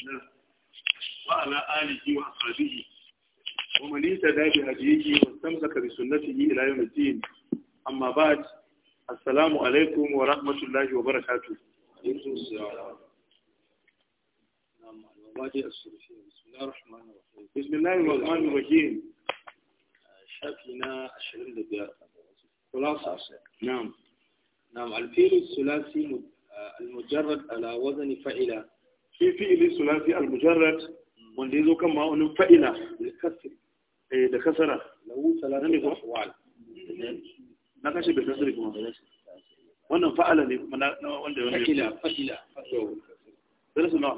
الله وعلى آله وأصحابه ومن يتدى بهديه واستمسك بسنته إلى يوم الدين أما بعد السلام عليكم ورحمة الله وبركاته بسم الله الرحمن الرحيم بسم الله الرحمن الرحيم شافينا 20 دقيقة خلاصة نعم نعم الفيل الثلاثي المجرد على وزن فعله shi fi'ili sulasi al-mujarrad wanda yazo kan ma'aunin fa'ila da kasara lahu salatu ahwal na kashe bai kasari kuma wannan fa'ala ne kuma na wanda wanda fa'ila fa'ila darasi na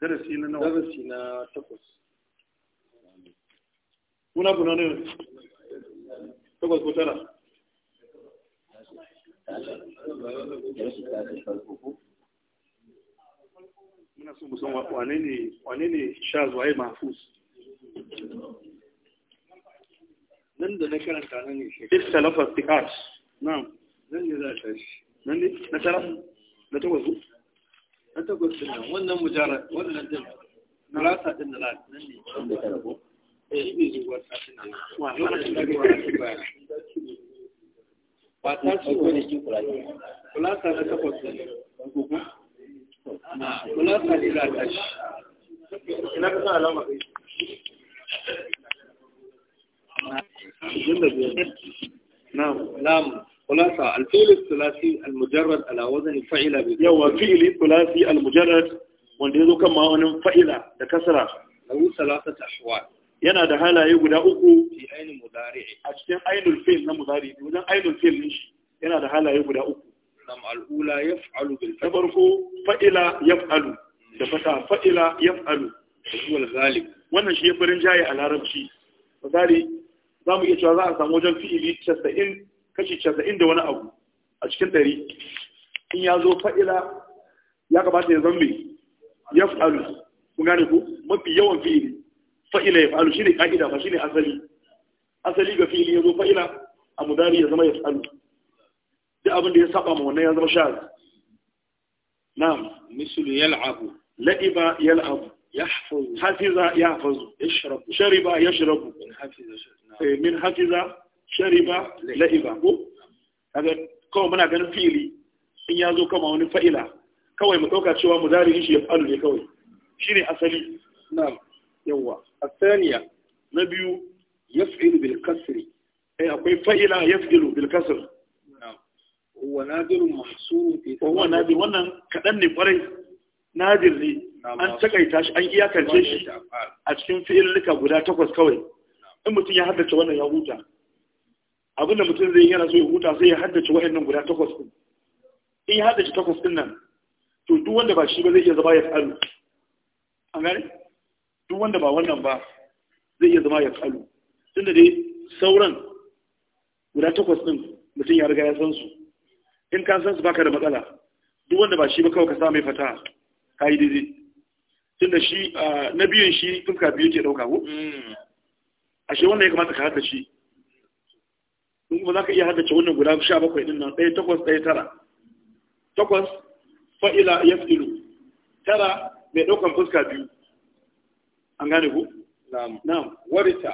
darasi na nawa darasi na takwas kuna kuna ne takwas ko tara ina sha zuwa nan da na karanta nan ne shi ikhtalafa nan ne za ta shi nan ne na tara na na wannan mujarrad wannan din na rasa din da nan ne eh zuwa ta din nan wa da ga wani ba. ba ta su ne kulasa na takwas kulasa ila tashi ina ka sa alama kai نعم نعم خلاصة الفعل الثلاثي المجرد على وزن فعل يو فعل ثلاثي المجرد وانده كما هو فعل ده له ثلاثة أحوال yana da halaye guda uku a cikin ainul fil na mudari wajen ainul fil ne shi yana da halaye guda uku lam al'ula yaf'alu bil da farko fa'ila yaf'alu da fata fa'ila yaf'alu wal zalik wannan shi ya farin jaye a larabci misali za mu iya cewa za a samu wajen fi'ili casa'in, kashi casa'in da wani abu a cikin ɗari in ya zo fa'ila ya kamata ya zambe yaf'alu kun gane ku mafi yawan fi'ili fa'ila ya fa'alu ne ka'ida ba ne asali asali ga fili ya zo fa'ila a mudari ya zama ya fa'alu duk abin da ya saba ma wannan ya zama shaz na'am mislu yal'abu la'iba yal'abu yahfuz hafiza ya yashrab shariba yashrab min hafiza eh, min hafiza shariba la'iba ko kawai muna ganin fili in ya zo kama wani fa'ila kawai mu ɗauka cewa mu dari shi ya fa'alu ne kawai shi ne asali na yawa الثانية نبي يفعل بالكسر أي أقول فعل يفعل بالكسر هو نادر محصور في وهو Wannan kaɗan ne قري نادر لي an takaita shi an iyakance shi a cikin fi'ilika guda takwas kawai in mutum ya haddace wannan ya huta abinda mutum zai yana so ya huta sai ya haddace wa'annan guda takwas din in ya haddace takwas din nan to duk wanda ba shi ba zai iya zama ya tsaru an gane duk wanda ba wannan ba zai iya zama ya kalu tunda dai sauran guda takwas din mutum ya riga ya san su in ka san su baka da matsala duk wanda ba shi ba kawai ka sa mai fata ka yi daidai tunda shi na biyun shi fuska biyu ke dauka ko mm. ashe wanda ya kamata ka hada shi in kuma za ka iya ce wannan guda sha bakwai din nan ɗaya takwas ɗaya tara takwas fa'ila ya tsiru tara mai ɗaukan fuska biyu an gane ku na'am na'am warisa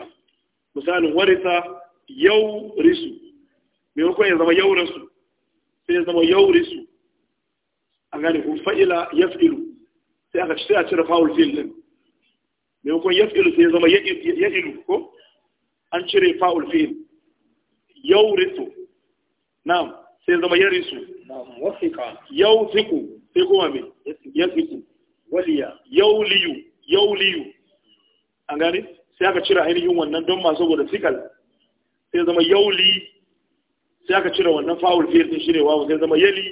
warita. warisa yau risu me ko ya zama yau risu sai ya zama yau risu an gane ku fa'ila yaf'ilu sai aka ci a cire fa'ul ɗin. din me ko yaf'ilu sai ya zama ya'ilu ko an cire fa'ul fi'l yau risu na'am sai zama yarisu na'am wasiqa yau fiku sai kuma me yasiku waliya yau liyu yau liyu an gane sai aka cire ainihin wannan don masu saboda sikal sai zama yauli sai aka cire wannan fa'ul fiye sun shine wawo sai zama yali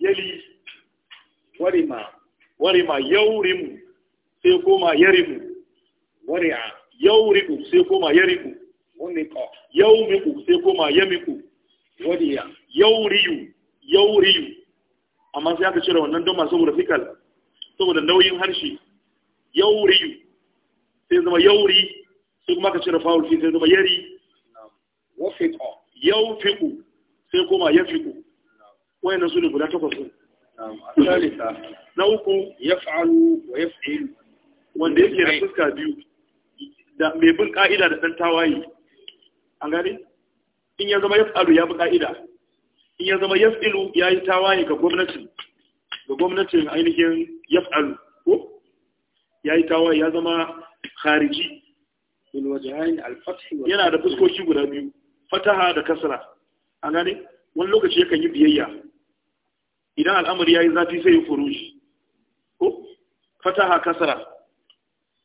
yali warima warima yaurimu sai koma yarimu wari'a yauriku sai koma yariku mi yaumiku sai koma yamiku wadiya yauriyu yauriyu amma sai aka cire wannan don masu saboda fikal saboda nauyin harshe yauriyu sai zama yauri sai kuma ka cire fa'ul fi sai zama yari wafiqa yawfiqu sai kuma yafiqu Wai nan suna guda takwas din na uku yaf'alu wa yaf'il wanda yake da fuska biyu da mai bin ka'ida da dan tawaye an gane in ya zama yaf'alu ya bi ka'ida in ya zama yaf'ilu ya yi tawaye ga gwamnati ga gwamnatin ainihin yaf'alu ko ya yi tawaye ya zama khariji bil wajhain al fath yana da fuskoki guda biyu fataha da kasra an gane wani lokaci yakan yi biyayya idan al'amari yayi zafi sai ya furuji ko fataha kasra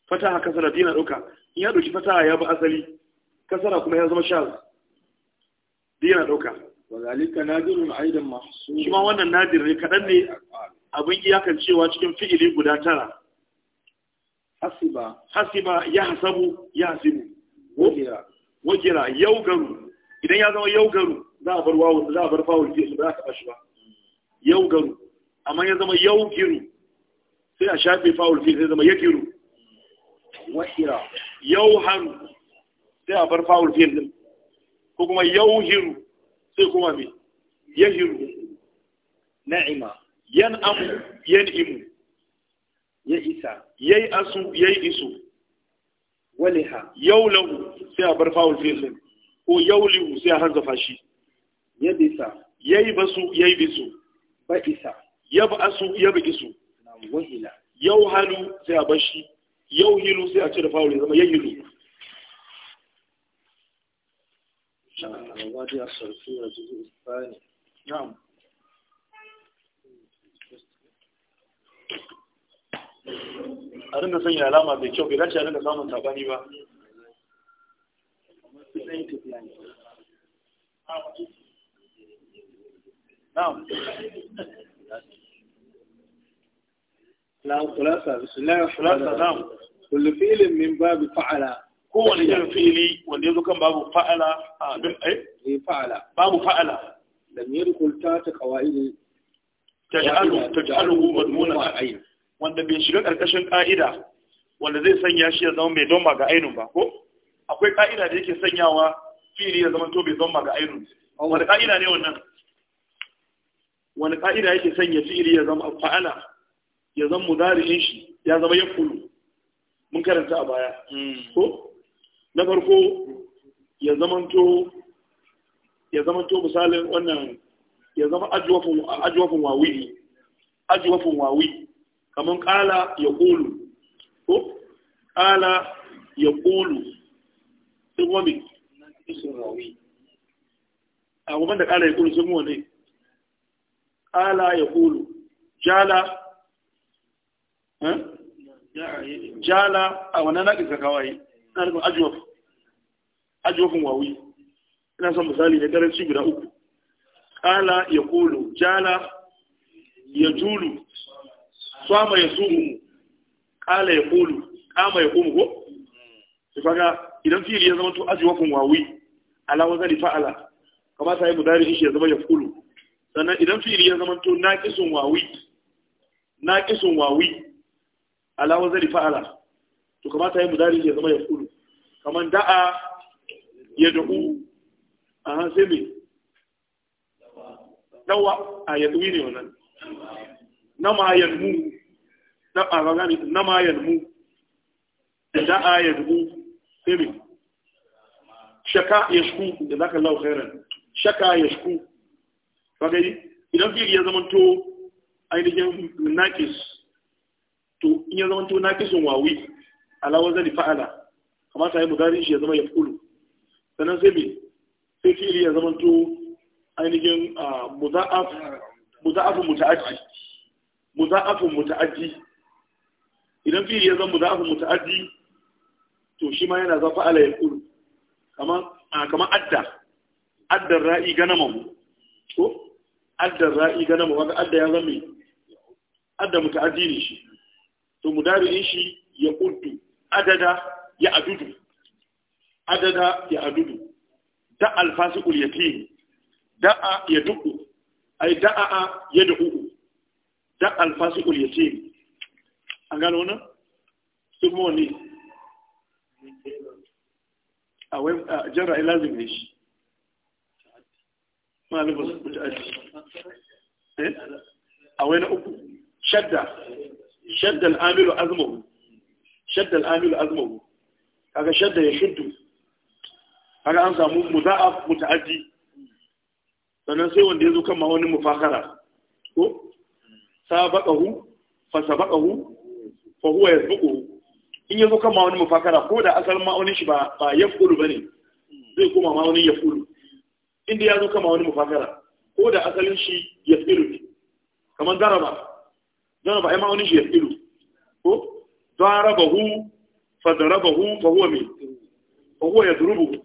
fataha kasra dina dauka in ya dauki fataha ya bi asali kasara kuma ya zama shaz dina dauka wazalika nadirun aidan mahsur shi wannan nadir ne kadan ne abin iyakan cewa cikin fi'ili guda tara hasiba hasiba ya hasabu ya hasibu wajira wajira yaugaru idan ya zama yaugaru za a bar wawo za a bar fawul ji ba za ka bashi ba yaugaru amma ya zama yaugiru sai a shafe fawul ji sai zama yagiru wajira yauharu sai a bar fawul ji din ko kuma yauhiru sai kuma me yahiru na'ima yan'amu yan'imu ya isa yayi asu yayi isu waliha yaulahu sai a bar fa'ul fi'l ko yaulihu sai a hanzafa fashi yabisa yayi basu yayi bisu ba'isa yab'asu yab'isu wahila yawhalu sai a bar shi yauhilu sai a cire fa'ul zama yahilu نعم a rinka sanya alama mai kyau bai dace a rinka samun sabani ba na'am na'am fi'lin min babu fa'ala kowane wanda kan babu fa'ala eh? Eh, babu fa'ala ta ta wanda bai shiga ƙarƙashin ƙa'ida wanda zai sanya shi ya zama mai don ga ainihin ba ko akwai ƙa'ida da yake sanyawa fili ya zama to bai don ga ainihin wani ƙa'ida ne wannan wani ƙa'ida yake sanya fili ya zama fa'ala ya zama mudari'in shi ya zama ya kulu mun karanta a baya hmm. ko na farko ya zama to ya zama to misalin wannan ya zama ajiwafin wawili ajiwafin wawili kamar ƙala ya ƙolu ko ƙala ya ƙolu sun wame a ah, wanda da ƙala ya ƙolu sun wane ƙala ya ƙolu jala eh? jala a ah, wannan naƙi kawai na rikon ajiyar ajiyofin wawi ina son misali da garanci guda uku ƙala ya ƙolo jala ya julu sama ya sumu kala ya kulu kama ya kumu ko su faga idan fi'ili ya zama to ajwafun wawi ala wazani fa'ala kamata yi mudari shi ya zama ya kulu sannan idan fi'ili ya zama to naqisun wawi naqisun wawi ala wazani fa'ala to kamata yi mudari shi ya zama ya kulu kaman da'a ya da'u aha sai me dawa a yadwi ne wannan ma yadmu da'a ba gani na ma yalmu da'a yalmu sai me shaka yashku da zaka lau khairan shaka yashku kaga idan fi'il ya zamanto ainihin nakis to in ya zamanto naqisun wawi ala wazani fa'ala kamata ya mudari shi ya zama ya yaqulu sannan sai me sai fi'il ya zamanto ainihin ah, muza'af muza'afun muta'addi muza'afun idan fi'il ya zama za su muta'addi to shi ma yana za fa'ala ya kulu kamar adda addar ra'i ganamahu ko addar ra'i ganamahu wanda adda ya zama adda mutu muta'addi ne shi to mu dari in shi ya uddu adada ya adudu adada ya adudu da alfasikul yatim da'a ya duku ai da'a ya duku da alfasikul yatim an gano wannan su kuma wanne a wai jarra lazim ne shi malibus muta'addi eh? a wai na uku shadda shadda al'amilu azmahu shadda al'amilu azmahu kaga shadda ya shuddu kaga an samu muza'af muta'addi sannan sai wanda ya zo kan ma wani mufakara ko sabaqahu fa sabaqahu fa huwa yasbuqu in ya zo kan ma'aunin mufakara ko da asalin ma'aunin shi ba ba ne, zai koma ma'aunin yafulu inda ya zo kan ma'aunin mufakara ko da asalin shi yafilu ne kamar daraba daraba ai ma'aunin shi yafilu ko darabahu fa darabahu fa huwa mai, fa huwa yadrubu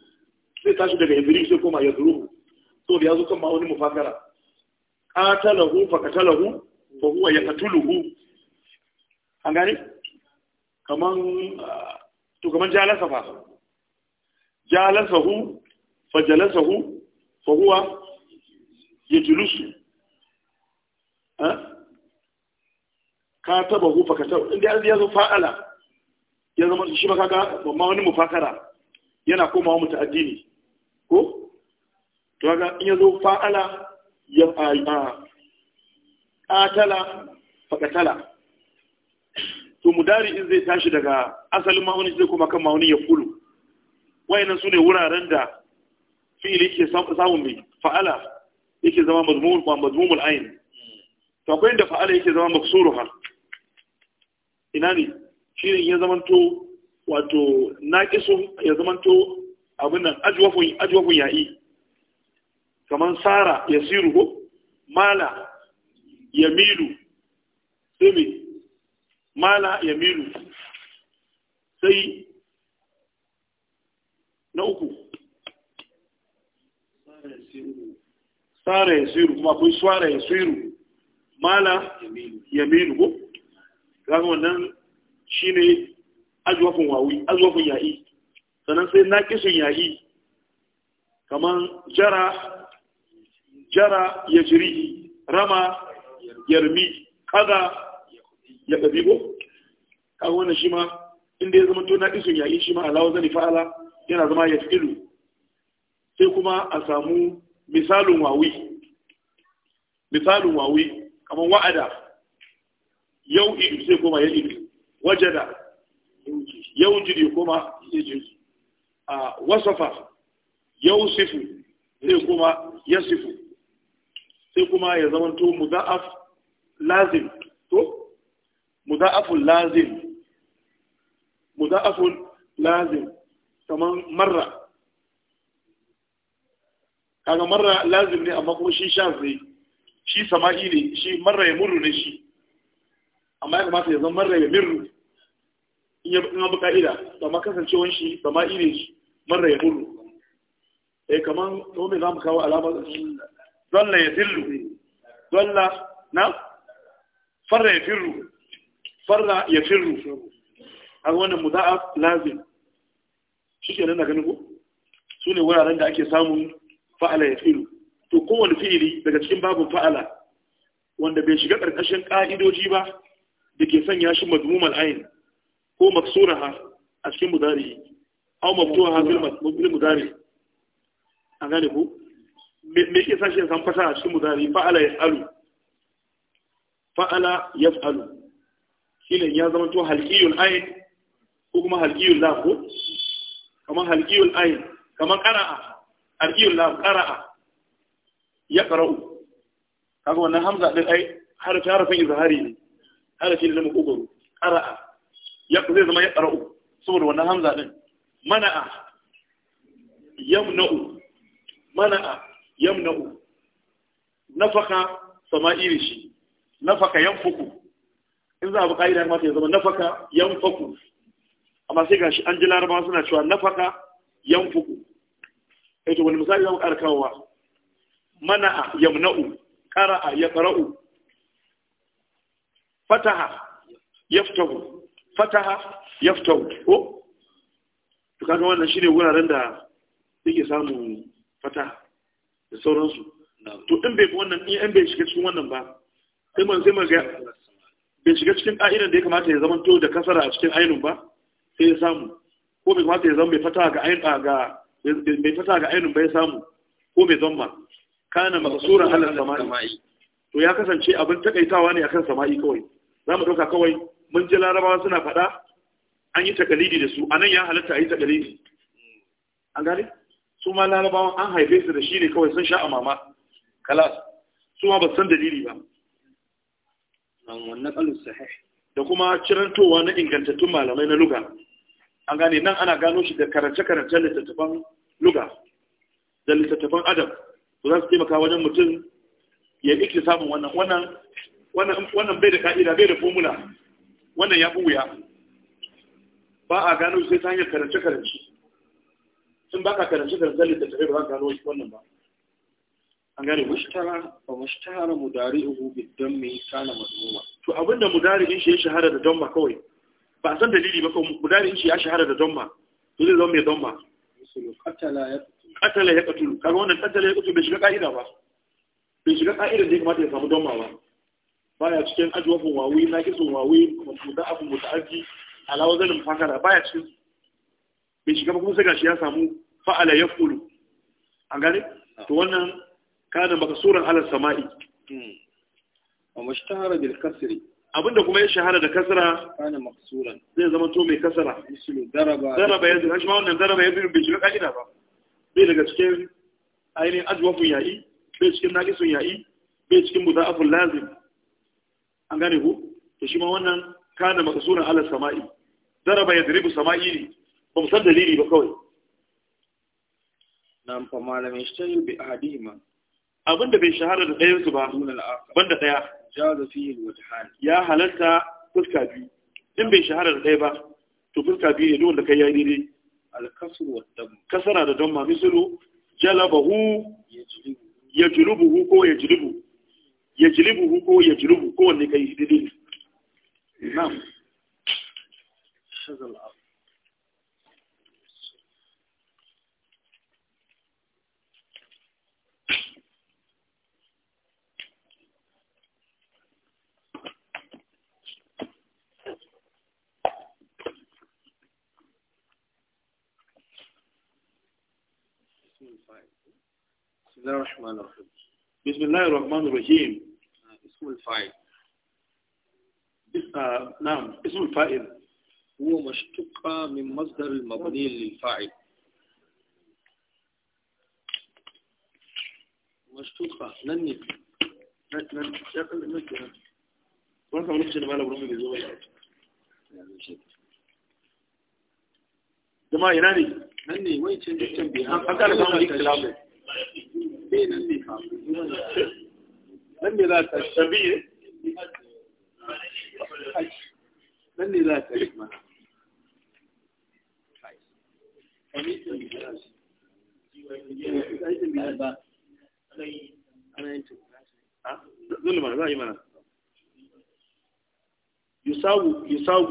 sai tashi daga yafilu sai koma yadrubu to da ya zo kan ma'aunin mufakara qatalahu fa qatalahu fa huwa yaqtuluhu an gane kaman ah, to kaman jalasa fa hu fa hu fa huwa yajlusu ha ah? katabahu fa ta, inda ya zo fa'ala ya zama shi ba kaga amma wani mufakara yana komawa muta'addi ne ko to kaga in ya zo fa'ala ya fa'a ah, qatala fa tala. to mudari in zai tashi daga asalin ma'auni zai kuma kan ma'auni ya fulu wayannan su ne wuraren da fi'ili ke samun mai fa'ala yake zama mazmumul ba ayin to akwai inda fa'ala yake zama maksuruha ina ne shi ne ya zamanto wato naqisu ya zamanto abin nan ajwafun ajwafun ya'i kaman sara yasiru mala yamilu sai mala yamilu sai na uku tsara ya siru kuma kun swara ya siru mala yamilu ko kaga wannan shine azwafin wawi azwafin ya'yi. sannan sai na naqisun ya'yi. kaman jara jara yajri rama yarmi kaza ya ɗabi ko kan wannan shi ma inda ya zama to na isun yayi shi ma alawa zani fa'ala yana zama ya fi sai kuma a samu misalin wawi misalin wawi kamar wa'ada yau idu sai kuma ya idu wajada yau jiri kuma ya jiri a wasafa yau sifu sai kuma ya sifu sai kuma ya mu za'af lazim to muda'aful lazim muda'aful lazim kaman marra kaga marra lazim ne amma kuma shi sha zai shi sama'i ne shi marra ya murru ne shi amma ya kamata ya zama marra ya mirru in ya bi ka'ida amma kasancewan shi sama'i ne shi marra ya muru. eh kaman to me zamu kawo alama dalla ya dillu dalla na farra ya firru farra ya firru a wannan muza'af lazim shi ke nan na ganin ku su ne wuraren da ake samun fa'ala ya firu to kowane fi'ili daga cikin babu fa'ala wanda bai shiga ƙarƙashin ƙa'idoji ba da ke sanya shi mazmum al'ayin ko ha a cikin mudari au maftuha fil mudari an gane ku me ke sashi ya san fasa a cikin mudari fa'ala ya fa'ala ya fa'alu kila ya zama to halqiyul ayn ko kuma halqiyul lam ko kamar halqiyul ayn kamar qara'a halqiyul lam qara'a ya qara'u kaga wannan hamza din ai harfi harfin izhari ne harfi ne na mukogoro qara'a ya zai zama ya qara'u saboda wannan hamza din mana'a yamna'u mana'a yamna'u nafaka sama'irishi nafaka yanfuku in za a bi ka'ida mata ya zama nafaka yan faku amma sai gashi an ji larabawa suna cewa nafaka yan faku eh to wani misali zama ƙara kawowa a yamna'u ya fara'u fataha yaftahu fataha yaftahu ko to kaga wannan shine wuraren da yake samun fataha da sauransu to in bai wannan in bai shiga cikin wannan ba sai man sai man ga bai shiga cikin ƙa'idan da ya kamata ya zama to da kasara a cikin ainihin ba sai ya samu ko bai kamata ya zama bai fata ga ainihin ga ba ya samu ko bai zama kana tsoron halar samai to ya kasance abin takaitawa ne akan sama'i kawai za mu ɗauka kawai mun ji larabawa suna faɗa an yi takalidi da su A nan ya halatta a yi takalidi an gane su ma larabawan an haife su da shi ne kawai sun sha a mama kalas su ma ba san dalili ba da kuma cirantowa na ingantattun malamai na luga an gane nan ana gano shi da karance-karancen littattafan luga da littattafan adam to za su taimaka wajen mutum ya ike samun wannan wannan wannan bai da ka'ida bai da formula wannan ya fi wuya ba a gano shi sai ta hanyar karance-karance sun baka karance karance littattafai ba za ka gano shi wannan ba an gane mushtara ba mushtara mudari'uhu bid-dammi kana mazmuma to abinda mudari'in shi ya shahara da damma kawai ba san dalili ba kawai mudari'in shi ya shahara da damma to zai zama mai damma qatala ya qatala ya qatulu kaga wannan qatala ya qatulu bai shiga ka'ida ba bai shiga ka'idar da ya kamata ya samu damma ba baya cikin ajwafu wawi na kisu wawi da abu muta'addi ala wazalin fakara baya cikin bai shiga ba kuma sai gashi ya samu fa'ala yaqulu an gane ah. to wannan kana makasuran ala sama'i wa mushtahara bil kasri abinda kuma ya shahara da kasra kana maksuran zai zama to mai kasra mislu daraba daraba wannan daraba yanzu bai shiga ka'ida ba bai daga cikin ainihin ajwafun ya'i bai cikin naqisun ya'i bai cikin mudafun lazim an gane ku to shi ma wannan kana maksuran ala sama'i daraba yadribu sama'i ne ba mu san dalili ba kawai nan fa malamin shi bi ahadihima abin da bai shahara da ɗayansu ba banda ɗaya ya halarta fuska biyu in bai shahara da ɗaya ba to fuska biyu ne duwanda kai ya yi dai kasara da damma misalu jalabahu ya julubuhu ko ya julubu ya julubuhu ko ya julubu kowanne kai daidai na shazal abu بسم الله الرحمن الرحيم بسم الله الرحمن الرحيم اسم الفاعل آه، نعم اسم الفاعل هو مشتق من مصدر المبني للفاعل مشتوقة نني نن شكل نكرة وين كم نكشف على برمي جزوة جماعة ينادي nan ne wai can can bai an an kana samun ikhtilafu sai nan ne fa nan ne za ta tabi nan ne za ta yi mana zulma za a yi mana yusawu yusawu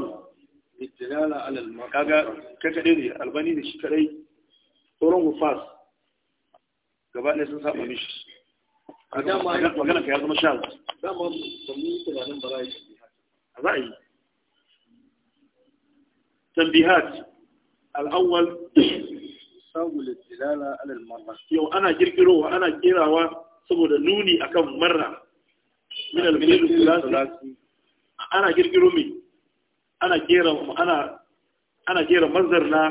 الجلالة على المرأة كذا كتريدي ألباني نشكري طرق فاس قبل نسنا سامع مش هذا ما هي مكانا في هذا مشال هذا ما تمني تلعن براي رأي تنبيهات الأول سو الجلالة على المرأة يو أنا جيركرو وأنا جيراوا سو نوني أكم مرة من المرأة أنا جيركرو مين ana kera ana ana kera manzar na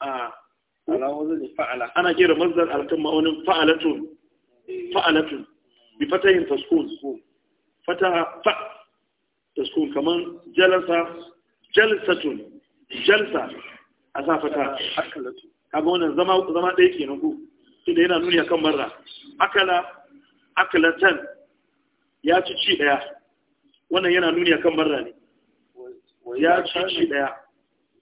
a ana manzar ma'aunin fa'alatun fa'alatun bi fatahin taskun fata fa taskun kaman jalasa jalsatun jalsa a sa fata akalatu kaga wannan zama ɗaya kenan ku tunda yana nuni akan marra akala akalatan ya ci ci ɗaya wannan yana nuni akan marra ne ya cici daya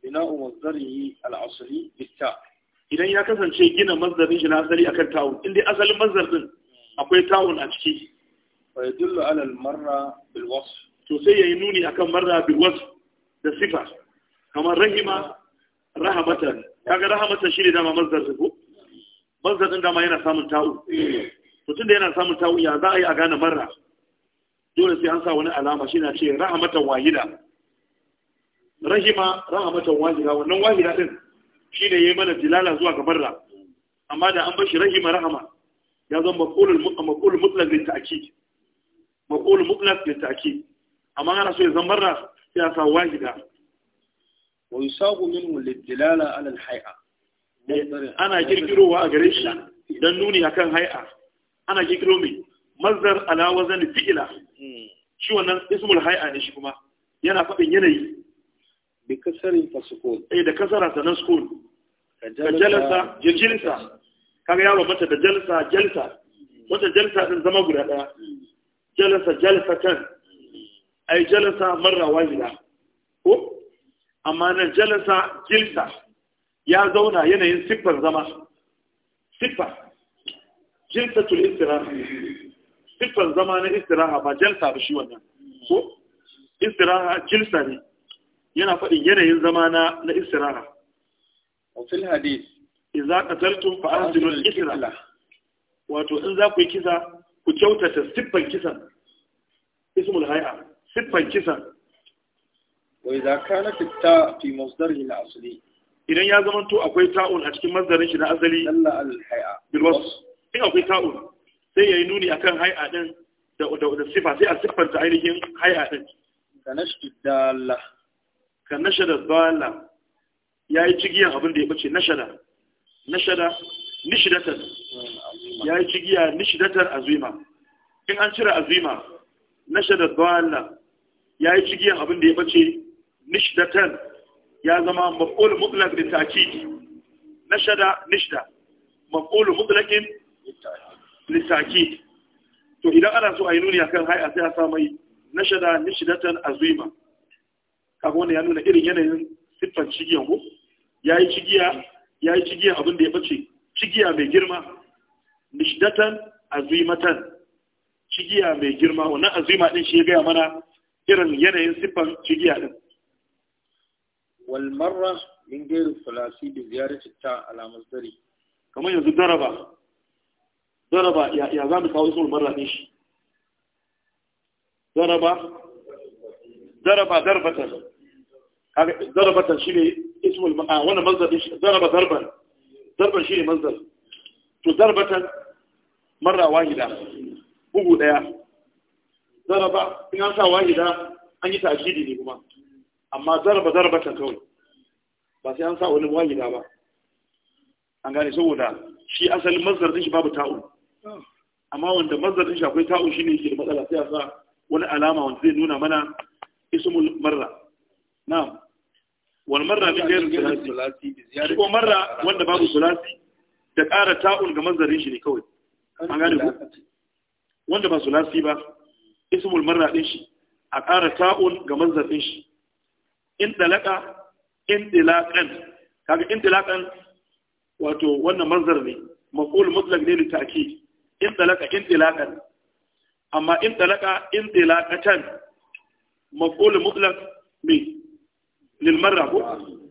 bina mazdari al-asli bitta idan ya kasance gina mazdarin shi na asali akan ta'un inda asalin mazdar akwai ta'un a ciki Bai yadullu alal al-marra bil wasf to sai yayi nuni akan marra bil da sifa kamar rahima rahamatan kaga rahamatan shine dama mazdar ku? ko dama yana samun ta'un mutum da yana samun ta'un ya za a yi a gane marra dole sai an sa wani alama shi na ce rahamatan wahida rahima rahamatan wahida wannan wahida din shi ne yayi mana dilala zuwa ga barra amma da an bashi rahima rahama ya zama maqulul maqulul mutlaq bil ta'kid maqulul mutlaq bil ta'kid amma ana so ya zama barra ya sa wahida wa yusabu minhu lid dilala ala al hay'a eh, ana kirkirowa a gare shi dan nuni akan hay'a ana kirkiro mai mazdar ala wazan fi'ila hmm. shi wannan ismul hay'a ne shi kuma yana faɗin yanayi bi kasarin fasukun eh da kasara sanan sukun ka jalasa ya jilsa kaga yaro mata da jalsa jalsa wata jalsa din zama guda daya jalasa jalsatan ay jalasa marra wahida ko amma nan jalasa jilsa ya zauna yanayin siffar zama siffa jilsatul istiraha siffar zama na istiraha ba jalsa ba shi wannan ko istiraha jilsa ne yana faɗin yanayin zama na na isra'a wa fil hadith idza qataltum fa ahsinu al wato in za ku yi kisa ku kyautata siffan kisan ismul hay'a siffan kisan Wai za ka na fita fi masdarihi na asali? idan ya zama to akwai ta'un a cikin masdarin shi na asali dalla al hay'a bil in akwai ta'un sai yayi nuni akan hay'a din da da sifa sai a siffanta ainihin hay'a din kanashtu dalla ka nashada bala ya yi cigiyar abin da ya bace nashada nashada nishidatar ya yi cigiyar nishidatar azima in an cire azima nashada bala ya yi cigiyar abin da ya bace nishidatar ya zama maf'ul mutlaq da ta'kid nashada nishda maf'ul mutlaqin للتأكيد to idan ana so a yi nuni akan hai a sai a sa nashada nishidatar azima Abu wannan ya nuna irin yanayin siffar cigiyan Ya yi cigiya yayi cigiya abin da ya bace cigiya mai girma nishdatan azimatan cigiya mai girma wannan azima din shi ya gaya mana irin yanayin siffar cigiya din wal marra min gairu thalathi bi ziyarati ta ala masdari kamar yanzu daraba daraba ya za mu kawo sun marra din shi daraba daraba darbatan zarabatan shi ne ismul ma'a wannan manzar shi zaraba zarban zarban shi ne to zarbatan marra wahida bugu daya zaraba in sa wahida an yi ta'kidi ne kuma amma zaraba zarbatan kawai ba sai an sa wani wahida ba an gane saboda shi asalin manzar shi babu ta'un amma wanda manzar din shi akwai ta'un shine yake da matsala sai a sa wani alama wanda zai nuna mana ismul na'am wal marra bi ghairi sulasi shi ko marra wanda babu sulasi da ƙara ta'un ga manzarin shi ne kawai an gane ku wanda ba sulasi ba ismul marra din shi a ƙara ta'un ga manzarin shi in dalaka in dilaqan kaga in dilaqan wato wannan manzar ne maqul mutlaq ne li ta'kid in dalaka in dilaqan amma in dalaka in dilaqatan maqul mutlaq ne lil marra ko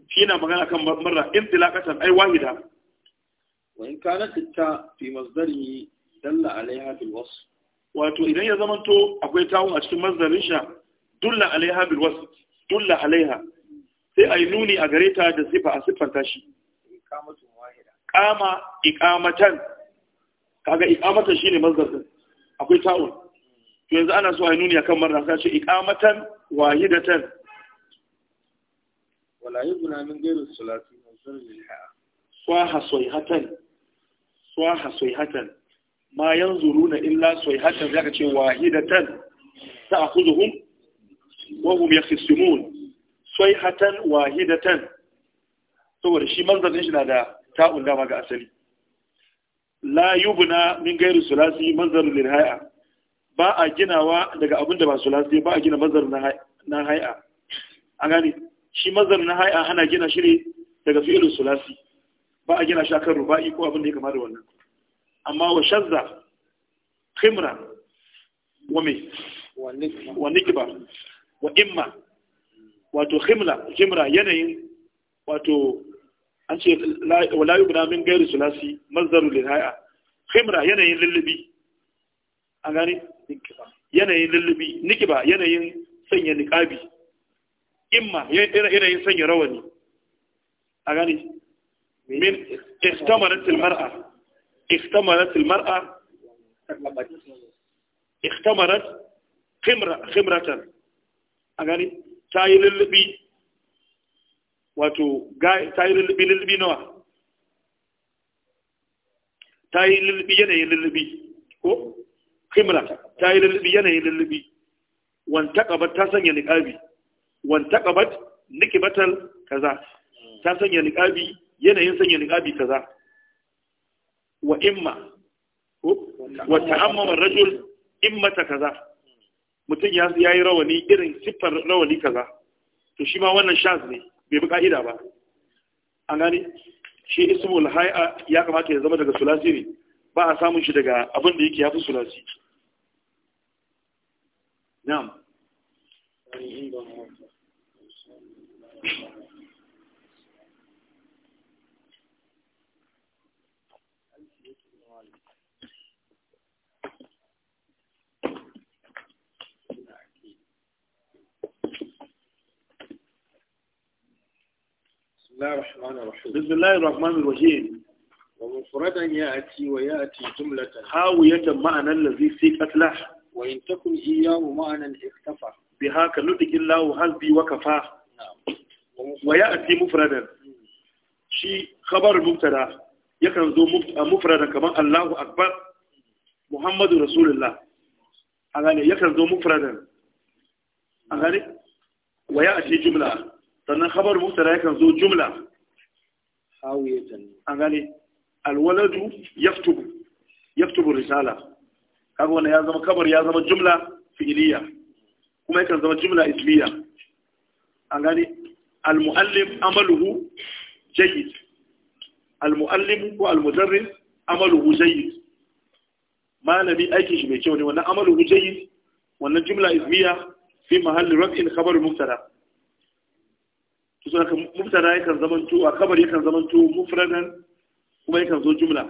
shi na magana kan marra intilaqatan ay wahida wa in kanat ta fi masdarihi dalla alaiha bil wasf wato idan ya zamanto akwai tawun a cikin masdarin sha dulla alaiha dulla sai ai nuni a gare ta da sifa a shi kama iqamatan kaga ikamatan shine masdar din akwai tawun to yanzu ana so ai nuni akan marra sai ce wahidatan wala yubna min ghairi salati wa zurri swaha soyhatan swaha soyhatan ma yanzuruna illa soyhatan zaka ce wahidatan ta'khudhuhum wa hum yakhisimun soyhatan wahidatan saboda shi manzalin shi na da ta'un dama ga asali la yubna min gairu sulasi manzar lil hay'a ba a ginawa daga abin da ba sulasi ba a gina manzar na hay'a an gane shi mazhar na haya ana gina shi ne daga fi'ilu sulasi ba a gina shi akan ruba'i ko abin da ya kama da wannan amma wa shazza khimra wa me wa nikba wa imma wato khimla khimra yanayin wato an ce wala yubna min ghairi sulasi mazharu lil haya khimra yanayin lullubi a gani? yanayin lullubi nikiba yanayin sanya niqabi imma ya irayin sanya rawani a gani min ikhtamaratil mar'a ikhtamaratil mar'a ihtamarat khimratan a gani ta yi lullubi wato ta yi lullubi lullubi nawa ta yi lullubi yanayin lullubi ko khimra ta yi lullubi yanayin lullubi wanta ƙabar ta sanya niƙabi wantaqabat niqbatal kaza ta sanya niqabi yanayin sanya niqabi kaza wa imma wa ta'ammama ar-rajul ta kaza mutum ya yi rawani irin siffar rawani kaza to shi ma wannan shaz ne bai bi ka'ida ba an gane shi ismul hay'a ya kamata ya zama daga sulasi ne ba a samun shi daga abin da yake yafi sulasi na'am الله الرحمن الرحيم بسم الله الرحمن الرحيم ومفردا يأتي ويأتي جملة هاوية معنى الذي في فتله وإن تكن إياه معنى اختفى بها كنطق الله هزبي وكفاه نعم wa ya ati mufradan shi khabar mubtada yakan zo mufradan kamar Allahu akbar Muhammadu Rasulullah a gane yakan zo mufradan a gane wa ya ati jumla sannan khabar zo jumla alwaladu yaktubu yaktubu risala kaga wannan ya zama kabar ya zama jumla fi'iliya kuma yakan zama jumla ismiya an gane al-muallim amaluhu ko al-mudarris amaluhu malami aikin shi mai kyau ne wannan amaluhu jayyid wannan jumla ismiya fi mahalli raf'in khabar mubtada to sai ka yakan zamanto a khabar yakan yakan zo jumla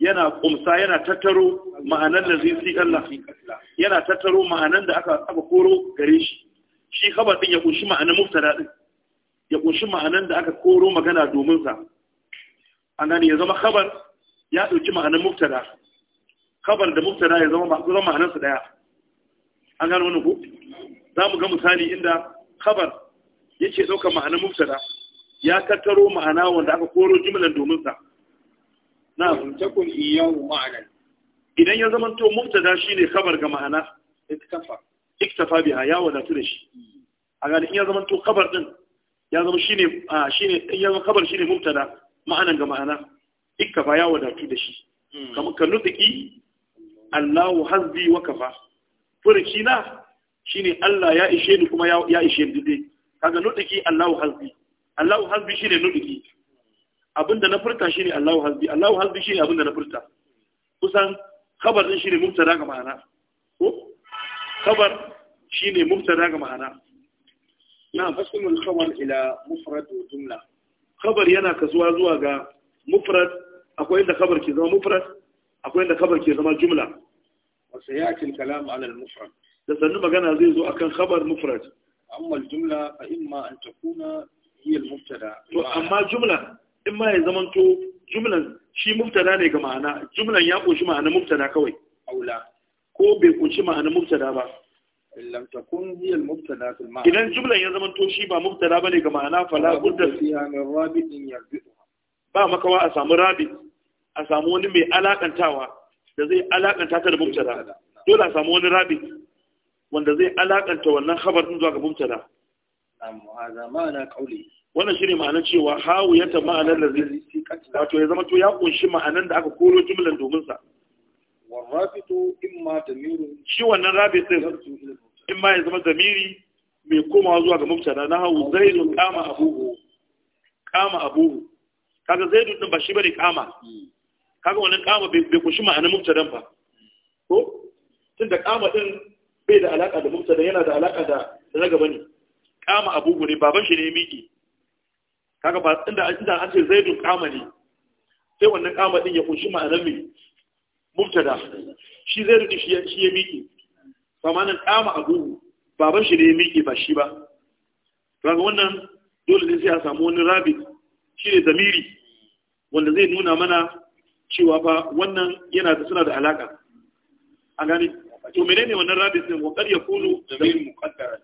yana kumsa yana tattaro ma'anar da zai Allah yana tattaro ma'anar da aka aka koro gare shi shi khabar din ya kunshi ma'anar muftara din ya kunshi ma'anar da aka koro magana domin sa an ya zama khabar ya dauki ma'anar muftara. khabar da muftara ya zama ma'anar ma'anar su daya an gano wannan ko za mu ga misali inda khabar yake dauka ma'anar muftara ya tattaro ma'ana wanda aka koro jumlan domin sa na takun iyahu ma'anan idan ya zama to mubtada shine khabar ga ma'ana kafa iktafa biha ya wadatu da shi a gani in ya zama to kabar din ya zama shine a shine in ya zama kabar shine mubtada ma'anan ga ma'ana iktafa ya wadatu da shi hmm. kamar ka nutiki Allahu hazbi wa kafa shi na shine Allah ya ishe ni kuma ya ishe ni dai kaga nutiki Allahu hazbi Allahu hazbi shine nutiki abinda na furta shine Allahu hazbi Allahu hazbi shine abinda na furta kusan kabar din shine mubtada ga ma'ana ko خبر شيني مبتدا ga ma'ana na fasimul khabar ila mufrad wa jumla yana kasuwa zuwa ga mufrad akwai inda khabar ke zama mufrad akwai inda khabar ke zama jumla wa sayati al-kalam ala al-mufrad da sannu magana zai zo akan khabar mufrad amma al-jumla fa imma an takuna hiya al-mubtada to amma jumla imma ya zamanto jumlan shi mubtada ne ga ma'ana jumlan ya koshi ma'ana mubtada kawai aula ko bai kunshi ma'anin mubtada ba lam takun hiya al-mubtada fil ma'na idan jumlan ya zama to shi ba mubtada bane ga ma'ana fala budda fiha min rabitin ba makawa a samu rabi a samu wani mai alakantawa da zai alakanta ta da mubtada dole a samu wani rabi wanda zai alakanta wannan khabar din zuwa ga mubtada wannan shine ma'anar cewa hawuyata ma'anar da zai wato ya zama to ya kunshi ma'anar da aka koro jumlan domin sa warrafitu imma damirun shi wannan rabit din imma ya zama damiri mai komawa zuwa ga mubtada na hawu zaidu kama abubu. kama abubu. kaga zaidu din ba shi bane kama kaga wannan kama bai kushi ma'anar mubtadan ba ko tun da kama din bai da alaka da mubtada yana da alaka da ragaba ne kama abubu ne baban shi ne miki kaga ba inda an ce zaidu kama ne sai wannan kama din ya kushi ma'anar mai mubtada shi zai rudu shi ya miƙe samanin ɗama abu baban shi ne ya miƙe ba shi ba raga wannan dole ne sai a samu wani rabit shi ne zamiri wanda zai nuna mana cewa fa wannan yana da suna da alaka a gani to menene wannan rabit din wakar ya kulu zamiri muqaddara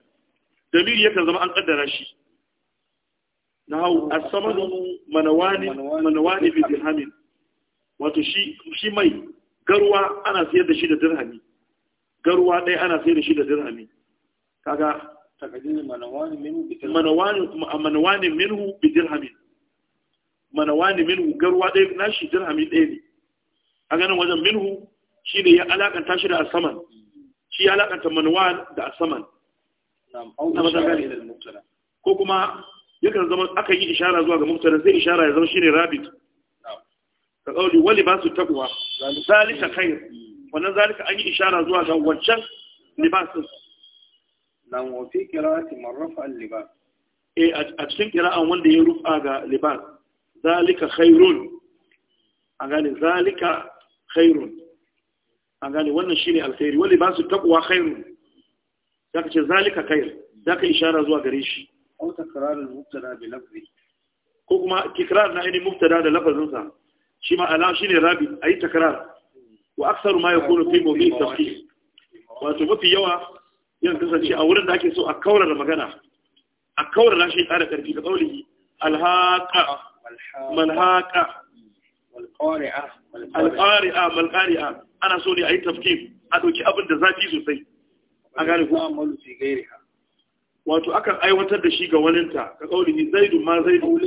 zamiri yakan zama an kaddara shi na hau asamanu manawani manawani bi dirhamin wato shi mai garuwa ana siyar da shi da dirhami garuwa ɗaya ana siyar da shi da dirhami kaga manawanin minhu bi dirhamin manawanin minhu garuwa ɗaya na shi dirhami ɗaya ne a ganin wajen minhu shi ne ya alakanta shi da asaman shi ya alakanta manawan da asaman ko kuma yakan zama aka yi ishara zuwa ga mubtada sai ishara ya zama ne rabit ka wani ba su takwa zalika kai wannan zalika an yi ishara zuwa ga wancan libasin nan wa fi qira'ati man rafa al-libas eh a cikin qira'an wanda ya rufa ga libas zalika khairun a gane zalika khairun a gane wannan shine alkhairi wani ba su takwa khairun zaka ce zalika khair zaka ishara zuwa gare shi au takrar mubtada bi lafzi ko kuma tikrar na ainihin mubtada da lafazinsa shi ma shi ne rabi a yi takarar wa aksar ma ya kone fi mawuyi tafi wato mafi yawa yin kasance a wurin da ake so a kawar magana a kawar da shi tsara karfi da tsauri alhaka malhaka alƙari'a malƙari'a ana so ne a yi tafkim a ɗauki abin da zafi sosai a gane ku wato akan aiwatar da shi ga waninta ka ƙauli zaidu ma zaidu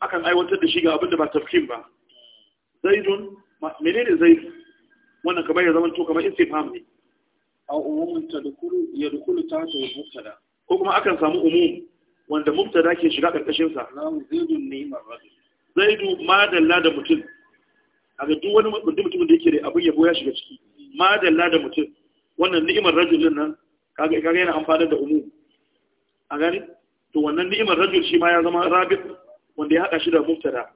akan aiwatar da shi ga abin da ba tafkin ba zaidun menene zaid wannan kamar ya zama to kamar istifham ne a umumin ta dukulu ya ta ta mubtada ko kuma akan samu umum wanda mubtada ke shiga karkashin sa zaidun ne ma marradu zaidu madalla da mutum a ga duk wani mutumin da yake da abin yabo ya shiga ciki madalla da mutum wannan ni'imar rajulin nan kaga kaga yana amfana da umum a gani to wannan ni'imar rajul shi ma ya zama rabit wanda ya haɗa shi da mubtada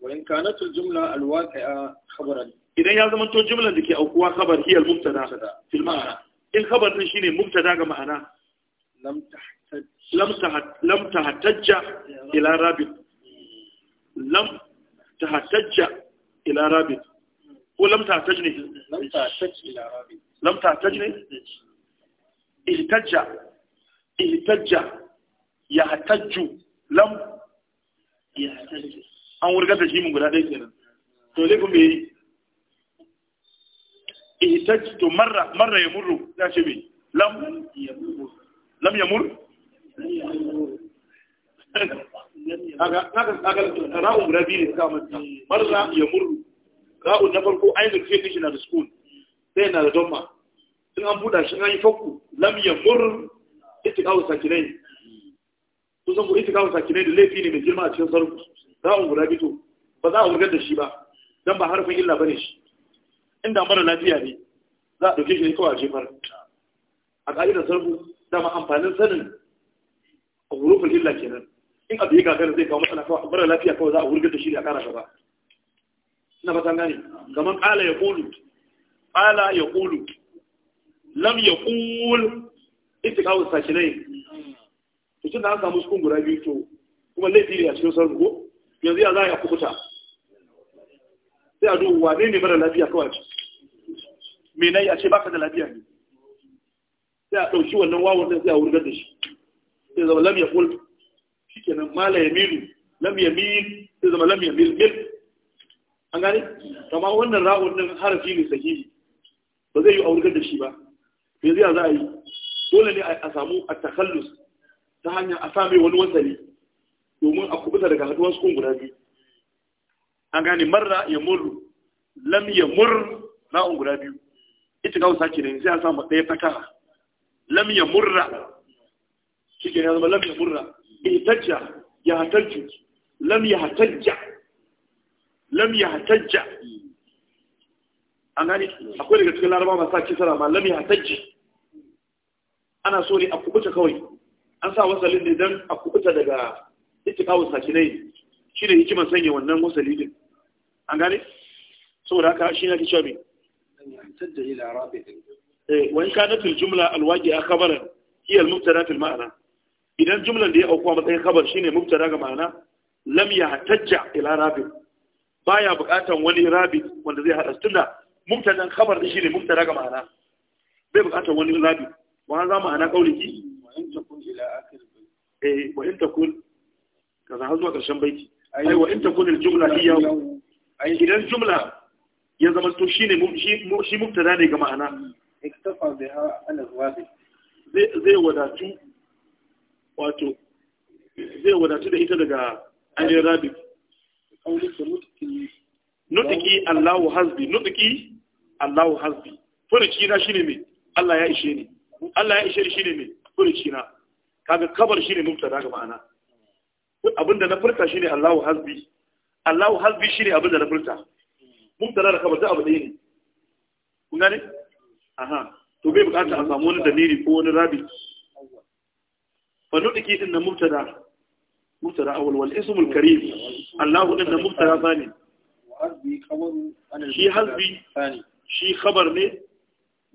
wa in kanat jumla alwaqi'a khabaran idan ya zama to jumlar da ke aukuwa khabar hiya al-mubtada fil ma'ana in khabar din shine mubtada ga ma'ana lam tahtaj lam tahat lam tahtajja ila rabit lam tahtajja ila rabit ko lam tahtajni lam tahtajja ila rabit lam tahtajni ihtajja ihtajja ya yahtajju lam an wurga da shi jimin guda ɗaya kenan to zai kuma yi ihtaj to marra marra ya murru ya ce mai lam lam ya mur aga guda biyu ne ka manta marra ya murru ra'u na farko ainihin fiye kashi na da sukun sai na da domma sun an buɗa shi an yi fakku lam ya mur ita kawo sakirai kusan ku itikafin sakinai da laifi ne mai girma a cikin sarku za a guda bito ba za a wurgar da shi ba don ba harfin illa bane shi inda mara lafiya ne za a ɗauke shi ne kawai a jefar a ƙa'idar sarku dama amfanin sanin a hurufin illa kenan in abu yi gagara zai kawo matsala kawai mara lafiya kawai za a wurgar da shi ne a ƙara gaba ina fatan gane kamar ƙala ya ƙulu ƙala ya ƙulu lam ya ƙul itikafin sakinai Mutum tun da an samu sukun guda biyu to kuma laifi ne a cikin sarki ko yanzu ya za a kubuta sai a duba wane ne mara lafiya kawai ce na yi a ce baka da lafiya ne sai a ɗauki wannan wawon sai a wurgar da shi sai zama lam yaqul shikenan mala yamilu lamya mil sai zama lamya mil mil an gane kama wannan ra'un din harafi ne sahihi ba zai yi a wurgar da shi ba yanzu ya za a yi dole ne a samu a takallus ta hanyar a sami wani wasali domin a kubuta daga haduwar sukun guda biyu an gane marra ya murru lam ya murr ra'un guda biyu ita ga wasa kenan sai a samu ɗaya fataha lam ya murra shi ke ya zama lam ya murra ihtajja ya hatajju lam ya hatajja lam ya hatajja an gane akwai daga cikin laraba masu sa kisara ma lam ya hatajji ana so ne a kubuta kawai an sa wasalin ne don a kubuta daga kawo sakinai shi ne hikiman sanya wannan wasali din an gane saboda haka shi ne ake cewa mai eh, wani kanatul jumla alwaƙi a kabarin iya mubtada fil ma'ana idan jumla da ya auku a matsayin kabar shine mubtada ga ma'ana lam ya tajja ila Ba baya buƙatan wani rabi wanda zai hada tunda mubtadan kabar shi ne mubtada ga ma'ana bai buƙatan wani rabi wani za ma'ana kauliki ki? eh wa in kaza har zuwa ƙarshen baiti ai jumla jumla ya zama to shine shi mubtada ne ga ma'ana iktafa zai wadatu wato zai wadatu da ita daga ainihin rabi nutuki allahu hasbi nutuki allahu hasbi furuci na shine mai allah ya ishe ni allah ya ishe ni ne mai na kaga kabar shine mubtada ga ma'ana abinda na furta shine Allahu hasbi Allahu hasbi shine abinda na furta mubtada da kabar da abu ne kun gane aha to bai bukata a samu wani dalili ko wani rabi fa dake din na mubtada mubtada awal wal ismul karim Allahu din na mubtada thani shi hasbi shi khabar ne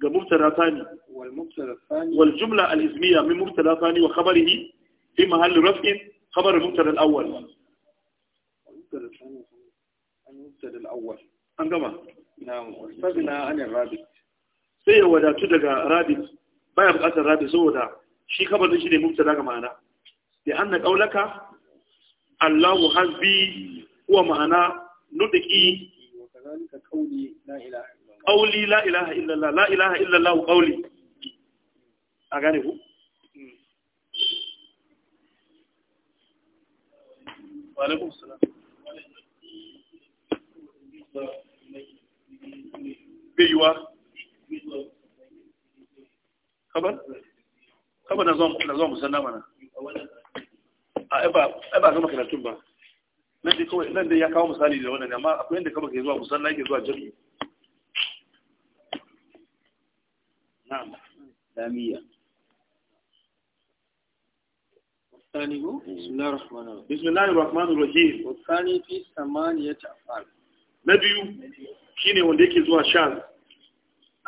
مبتدا ثاني والمبتدا الثاني والجمله الاسميه من مبتدا ثاني وخبره في محل رفع خبر المبتدا الاول المبتدا الثاني المبتدا الاول انما نعم استغنى عن الرابط سي هو ذاته دغ رابط باي بقات الرابط سو ذا شي خبر شي دي مبتدا كمانا لان قولك الله حزبي هو معنى نطقي وكذلك قولي لا اله الا qauli la ilaha illallah la ilaha illallah qauli a gane ku wa alaikum salam biyuwa kabar na zuwa musamman mana a ba gama karatun ba nan dai ya kawo misali da wannan amma akwai yadda kaba ke zuwa musamman ke zuwa jami'i نعم لامية والثاني بسم الله الرحمن الرحيم بسم الله الرحمن الرحيم والثاني في ثمانية أفعال نبيو شيني ونديك زوا شاذ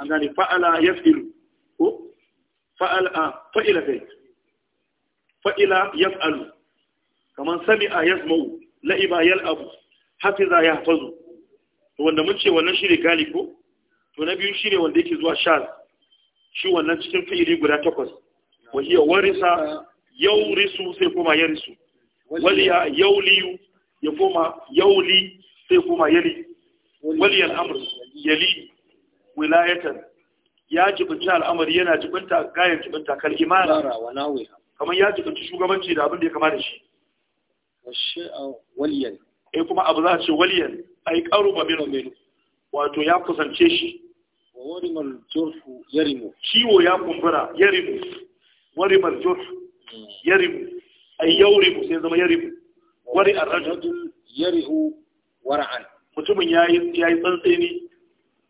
أنا فعل يفعل فعل فعل ya فعل يفعل كمان سمع لعب يلعب حفظ wanda mun ce wannan shi ne to na biyu shi ne wanda yake zuwa shaz shi wannan cikin fi'iri guda takwas wa hiya warisa risu sai kuma yarisu waliya yauliyu ya yau li sai kuma yali waliyan amr yali wilayatan ya jibinta al'amur yana jibinta gayan jibinta kalimara, kamar ya jibinta shugabanci da abin da ya kama da shi eh kuma abu za a ce waliyan ai karu ba wato ya kusance shi warimar jorfu ya rimu ciwo ya kumbura ya rimu warimar jorfu ya rimu a yau rimu sai zama ya rimu wari a rajadun ya rihu wara'an mutumin ya yi tsantseni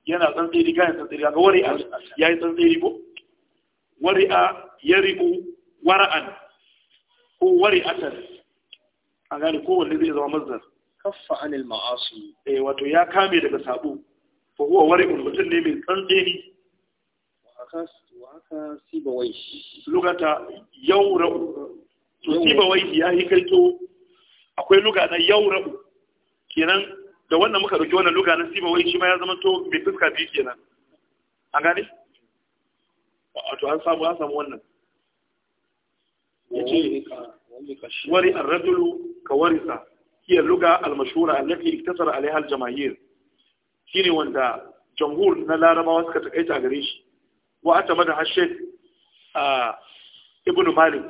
yana tsantseni kayan tsantseni ga wari a ya yi tsantseni bu wari a ya rimu wara'an ko wari a tare a gani kowanne zai zama mazdar kaffa anil ma'asu eh, wato ya kame daga sabo fa wari wari'un mutum ne mai san haka sibawai lugata yaura'u to sibawai ya yi akwai luga na yaura'u kenan da wannan muka dauki wannan luga na sibawai shi ma ya zama to mai fuska biyu kenan an gane to an samu an samu wannan yace wari ar-rajulu ka warisa hiya luga al-mashhura allati iktasara alaiha al-jamaahir shine wanda jamhur na larabawa suka taƙaita gare shi wa atama da hashek ibn malik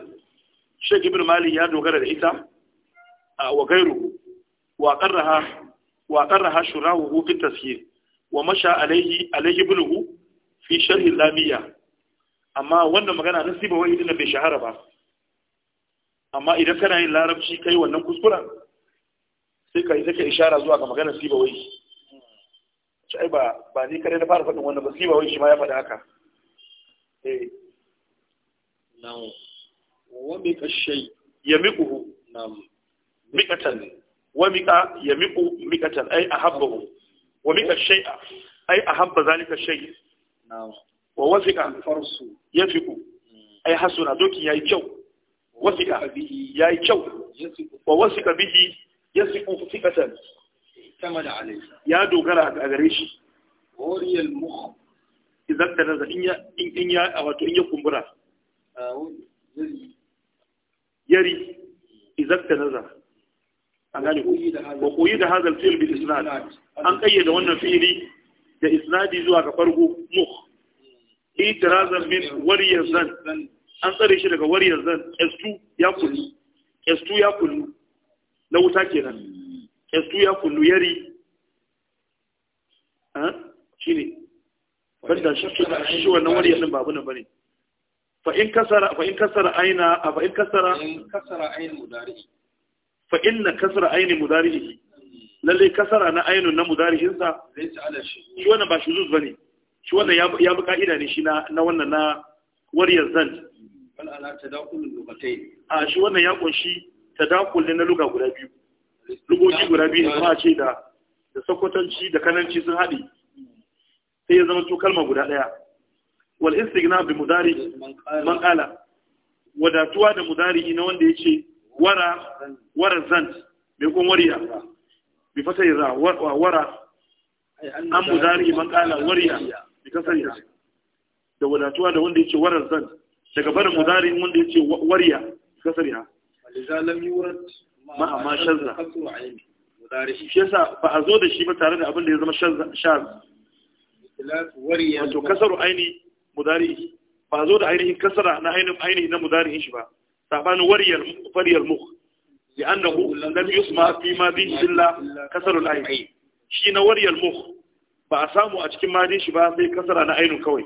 shek ibn malik ya dogara da ita wa gairu wa qarraha wa qarraha shurahu fi tafsir wa masha alaihi alaihi ibnuhu fi sharh lamiya amma wannan magana na siba wai idan bai shahara ba amma idan kana yin larabci kai wannan kuskuren sai ka yi take ishara zuwa ga maganar siba wai shi ai ba ba ni kare na fara faɗin wannan ba sai ba wai shi ma ya faɗi haka eh nan wa mika shay miku nam miqatan wa mika miku miqatan ai ahabbahu wa mika a? ai ahabba zalika shay nam wa wasiqa farsu fiku mm. ai hasuna dokin yayi kyau wasiqa bihi yayi kyau wa wasiqa bihi yasiqu fikatan ya dogara a gare shi wariyal idan ta naza in ya in wato in ya kumbura yari idan ta naza an gane ko koyi da hadal fi'l bil isnad an kayyada wannan fi'ili da isnadi zuwa ga farko mukh itirazan min wariyar zan an tsare shi daga wariyar zan s2 ya kullu s2 ya kullu na wuta kenan yasu ya kullu yari shi ne banda shi wannan wani yasin babu na bane fa in kasara fa in kasara aina fa in kasara in kasara ainu mudari fa inna kasara aini ne. lalle kasara na ainun na mudari sa shi wannan ba shi shuzuz bane shi wannan ya bi ka'ida ne shi na wannan na wariyar zan bal ala tadakulul lugatayn a shi wannan ya kunshi tadakul na luga guda biyu lugogi guda biyu ne kuma ce da da sokotanci da kananci sun haɗe sai ya zama kalma guda ɗaya wal istighna bi mudari man qala wadatuwa da mudari na wanda yace wara wara zan bi kun wariya bi fata ya wara an mudari man qala wariya bi kasari da wadatuwa da wanda yace wara zan daga barin mudari wanda yace wariya kasari kasariya lizalam yurat ma amma shazza shi ba a zo da shi ba tare da abin da ya zama shaz wato kasaru aini mudari ba a zo da ainihin kasara na ainihin na mudari'in shi ba sabanin wariyar fariyar mukh لأنه لم يسمع shi na wariyar كسر ba a samu a cikin أتكي shi ba sai kasara na عين kawai.